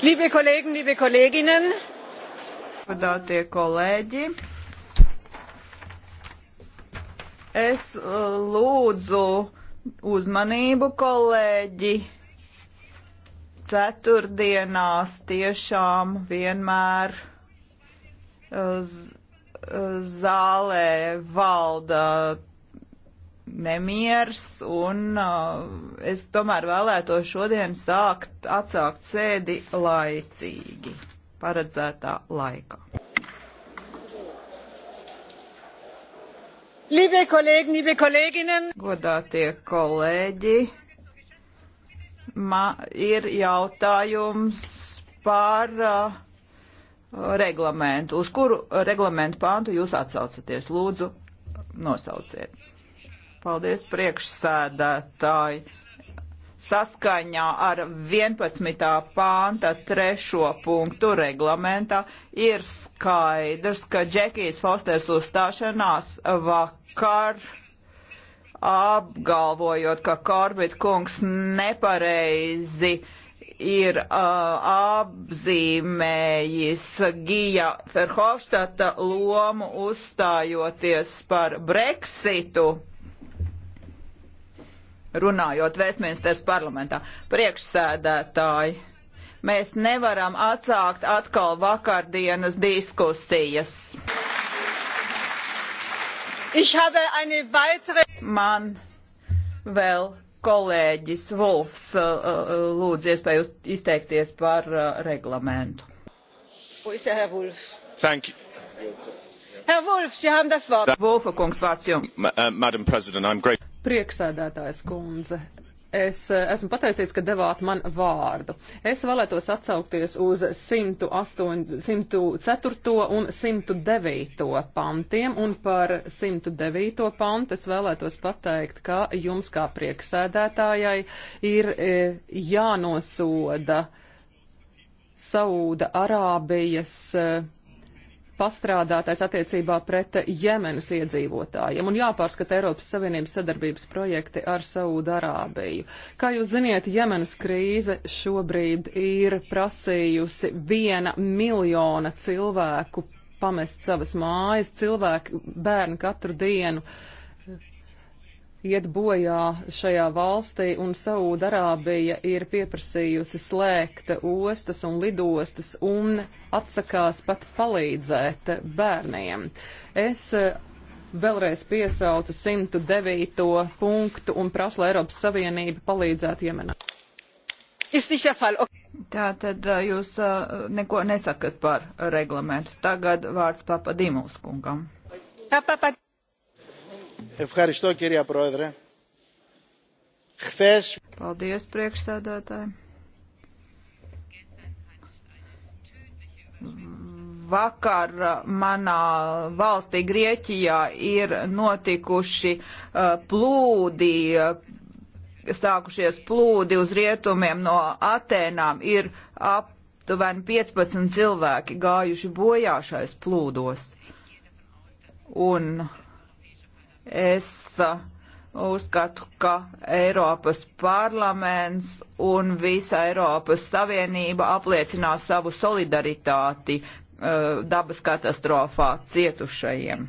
Liebe Kollegen, liebe Kolleginnen, godātie kolēģi, es uh, lūdzu uzmanību kolēģi. Ceturtdienās tiešām vienmēr uh, uh, zālē valda nemiers, un uh, es tomēr vēlētos šodien sākt atsākt sēdi laicīgi, paredzētā laikā. Liebe Kollegen, liebe Kolleginnen! Godātie kolēģi, ma, ir jautājums par uh, reglamentu. Uz kuru reglamentu pāntu jūs atsaucaties? Lūdzu, nosauciet. Paldies, priekšsēdētāji. Saskaņā ar 11. pānta trešo punktu reglamentā ir skaidrs, ka Džekijas Fosters uzstāšanās vakar apgalvojot, ka Korbit kungs nepareizi ir uh, apzīmējis Gija Ferhofstata lomu uzstājoties par Brexitu runājot Vestminsters parlamentā. Priekšsēdētāji, mēs nevaram atsākt atkal vakardienas diskusijas. Weitere... Man vēl kolēģis Vulfs uh, uh, lūdz iespēju izteikties par uh, reglamentu. Thank you. Herr Wolf, Sie haben das Wort. Wolf, Kungs, vārds jums. Madam President, I'm great. Prieksēdētājs kundze, es eh, esmu pateicīgs, ka devāt man vārdu. Es vēlētos atsaukties uz 108, 104 un 109 pantiem, un par 109 pantu es vēlētos pateikt, ka jums kā prieksēdētājai ir e, jānosoda Saūda Arābijas. E, pastrādātais attiecībā pret Jemenas iedzīvotājiem un jāpārskata Eiropas Savienības sadarbības projekti ar Saūdarābiju. Kā jūs ziniet, Jemenas krīze šobrīd ir prasījusi viena miljona cilvēku pamest savas mājas, cilvēki, bērni katru dienu iet bojā šajā valstī, un Saūdarābija ir pieprasījusi slēgt ostas un lidostas un atsakās pat palīdzēt bērniem. Es eh, vēlreiz piesaucu 109. punktu un prasu, lai Eiropas Savienība palīdzētu Jemenā. Tā tad eh, jūs eh, neko nesakat par reglamentu. Tagad vārds Papa Dimuls kungam. Papa Ευχαριστώ, κυρία Πρόεδρε. Χθες... Paldies, priekšsēdētāji. Vakar manā valstī Grieķijā ir notikuši uh, plūdi, uh, sākušies plūdi uz rietumiem no Atēnām. Ir aptuveni 15 cilvēki gājuši bojā šais plūdos. Un Es uh, uzskatu, ka Eiropas parlaments un visa Eiropas Savienība apliecinās savu solidaritāti uh, dabas katastrofā cietušajiem.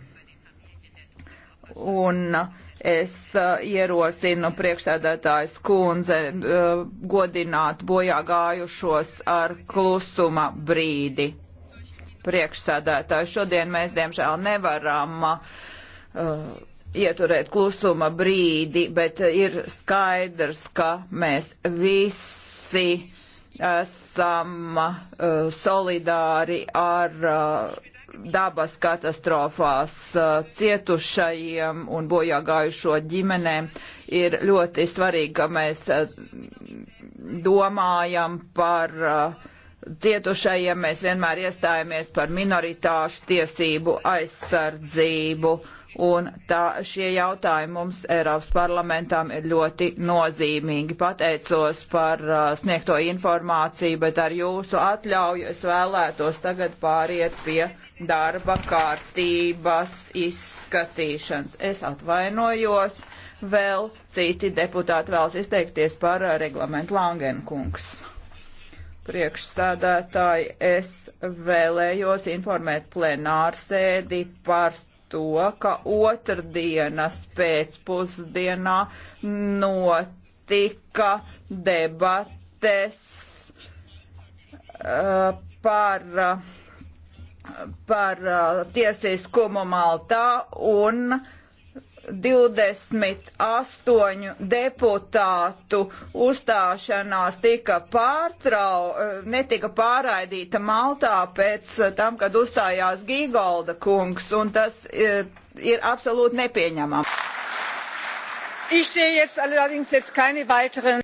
Un uh, es uh, ierosinu priekšsēdētājs kundze uh, godināt bojā gājušos ar klusuma brīdi. Priekšsēdētāji šodien mēs diemžēl nevaram uh, ieturēt klusuma brīdi, bet ir skaidrs, ka mēs visi esam uh, solidāri ar uh, dabas katastrofās uh, cietušajiem un bojā gājušo ģimenēm. Ir ļoti svarīgi, ka mēs domājam par cietušajiem. Mēs vienmēr iestājamies par minoritāšu tiesību aizsardzību. Un tā, šie jautājumi mums Eiropas parlamentām ir ļoti nozīmīgi. Pateicos par uh, sniegto informāciju, bet ar jūsu atļauju es vēlētos tagad pāriet pie darba kārtības izskatīšanas. Es atvainojos, vēl citi deputāti vēlas izteikties par uh, reglamentu Langenkungs priekšsādātāji, es vēlējos informēt plenārsēdi par to, ka otrdienas pēcpusdienā notika debates uh, par uh, par uh, tiesiskumu Maltā un uh, 28 deputātu uzstāšanās tika pārtrau, netika pārraidīta Maltā pēc eh, tam, kad uzstājās Gīgolda kungs, un tas ir, eh, ir absolūti nepieņemams. Ich sehe jetzt allerdings jetzt keine weiteren.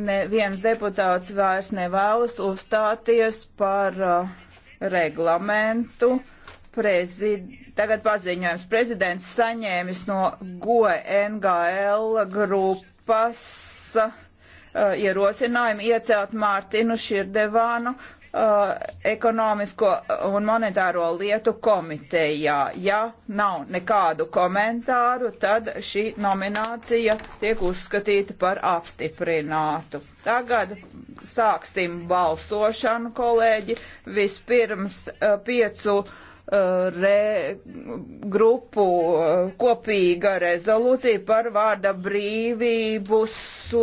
Neviens deputāts vairs nevēlas uzstāties par uh, reglamentu prezid, tagad paziņojums. Prezidents saņēmis no GOE NGL grupas uh, ierosinājumu iecelt Mārtinu Širdevānu uh, ekonomisko un monetāro lietu komitejā. Ja nav nekādu komentāru, tad šī nominācija tiek uzskatīta par apstiprinātu. Tagad sāksim balsošanu, kolēģi. Vispirms uh, piecu Uh, re, grupu uh, kopīga rezolūcija par vārda brīvību.